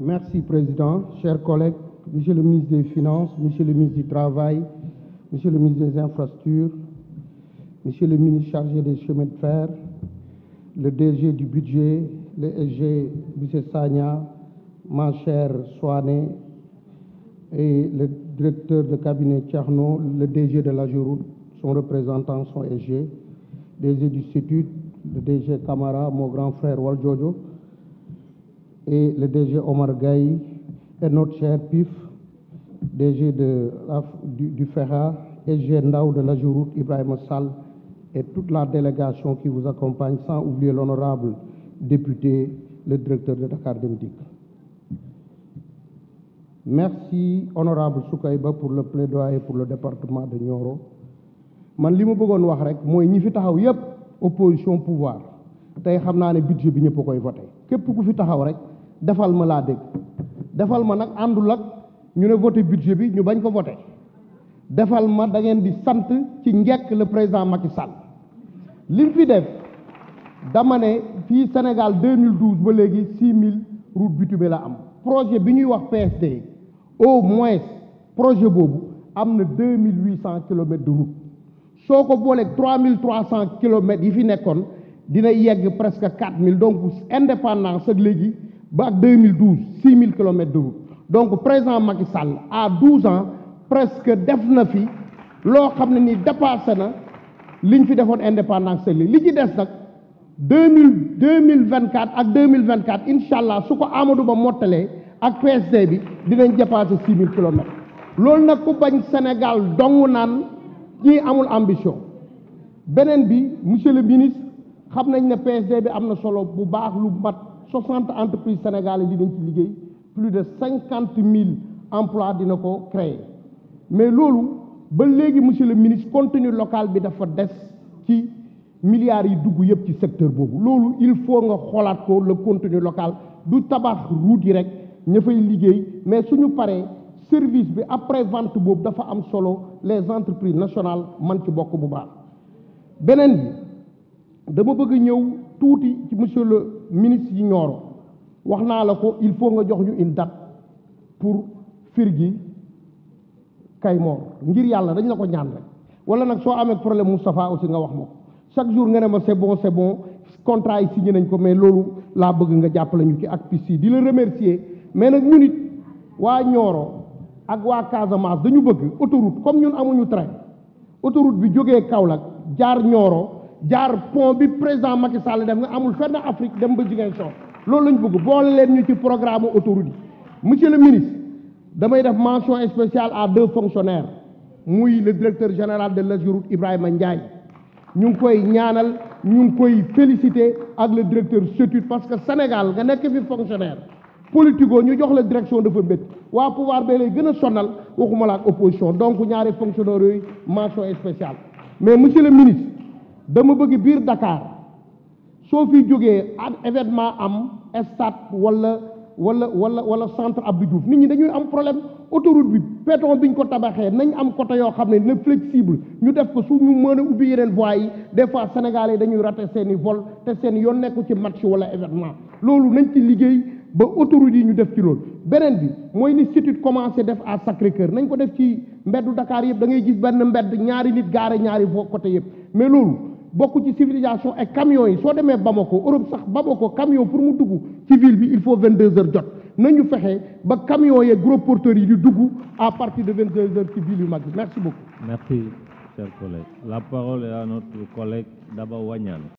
Merci, Président. Chers collègues, Monsieur le ministre des Finances, Monsieur le ministre du Travail, Monsieur le ministre des Infrastructures, Monsieur le ministre chargé des chemins de fer, le DG du budget, le SG, M. Sagna, ma chère Soane et le directeur de cabinet Tcherno, le DG de la Juroute, son représentant, son SG, DG du CETUD, le DG Camara, mon grand frère Waljojo, et le DG Omar Gaye et notre cher PIF, DG de, du, du FERA, SG Ndao de la Jouroute, Ibrahim Sall, et toute la délégation qui vous accompagne, sans oublier l'honorable député, le directeur de Dakar Demdik. Merci, honorable ba pour le plaidoyer pour le département de Nioro. man li ma bëggoon wax rek mooy ñi fi taxaw yépp opposition pouvoir tey xam naa ne budget bi ñëpp koy voté képp ku fi taxaw rek defal ma laa dégg defal ma nag àndul nag ñu ne voté budget bi ñu bañ ko voté defal ma da ngeen di sant ci njekk le président Macky Sall lim fi def dama ne fii Sénégal 2012 ba léegi 6000 routes bitumées la am projet bi ñuy wax PSD au moins projet boobu am na 2800 kilomètres de route soo ko booleeg 3300 kilomètres yi fi nekkoon dina yegg presque 4000 donc indépendance ak léegi. ba ak 2012 six mille kilomètres de route donc président Macky Sall à douze ans presque def na fi loo xam ne nii dépassé na liñ fi defoon indépendance li li ci des nag deux mille deux mille vingt quatre ak deux mille vingt quatre incha allah su ko Amadou Ba mottalee ak PSD bi dinañ dépassé six mille kilomètres loolu nag ku bañ Sénégal dong naan ñii amul ambition beneen bi monsieur le ministre xam nañ ne PSD bi am na solo bu baax lu mat. soixante entreprises sénégalaises dinañ ci liggéey plus de cinquante mille emplois dina ko créer mais loolu ba léegi monsieur le ministre contenu locale bi dafa des ci milliards yi dugg yëpp ci secteur boobu loolu il faut nga xoolaat ko le contenu locale du tabax route yi rek ña liggéey mais suñu paree service bi après vente boobu dafa am solo les entreprises nationales man ci bokk bu baax beneen bi dama bëgg ñëw tuuti ci monsieur ministre yi Nioro wax naa la ko il faut nga jox ñu une date pour kay Kaymoor ngir yàlla dañ la ko ñaan rek wala nag soo amee problème Moustapha aussi nga wax ma ko chaque jour nga ne ma c'est bon c'est bon contrat yi signé nañ ko mais loolu laa bëgg nga jàppale ñu ci ak piste yi di la remercier mais nag ñu nit waa Nioro ak waa Casamance dañu bëgg autoroute comme ñun amuñu train autoroute bi jógee Kaolack jaar Nioro jaar pont bi président Macky Sall def nga amul fenn Afrique dem ba Ziguinchor loolu lañu bëgg boole leen ñu ci programme autoroute yi monsieur le ministre damay def mention spéciale à deux fonctionnaires muy le directeur général de l'AGEROUTE Ibrahima Ndiaye ñu ngi koy ñaanal ñun ngi koy féliciter ak le directeur SETUD parce que Sénégal nga nekk fi fonctionnaire politico ñu jox la direction dafa mbét waa pouvoir bee lay gën a sonal waxuma ak opposition donc ñaari fonctionnaires yooyu mention spéciale mais monsieur le ministre dama bëgg biir dakaar soo fi jógee am événement am stade wala wala wala wala centre Abdou Diouf nit ñi dañuy am problème autoroute bi péton bi ko tabaxee nañ am côté yoo xam ne na flexible ñu def ko su ñu mën a ubbi yeneen voies yi des fois sénégalais dañuy raté seeni i vol te seen yoon nekku ci match wala événement loolu nañ ci liggéey ba autoroute yi ñu def ci loolu beneen bi mooy ni situt commencé def a Sacré-Cœur nañ ko def ci mbeddu Dakar yëpp da ngay gis benn mbedd ñaari nit gaare ñaari côté yëpp mais loolu bokk ci civilisation ay camions yi soo demee ko Europe sax ko camion pour mu dugg ci ville bi il faut vingt deux heures jot nañu fexe ba camions yeeg gros porteurs yi di dugg à partir de vingt deux heures ci ville yu mag yi merci beaucoup merci cher collègue la parole est à notre collègue Daba Wagnane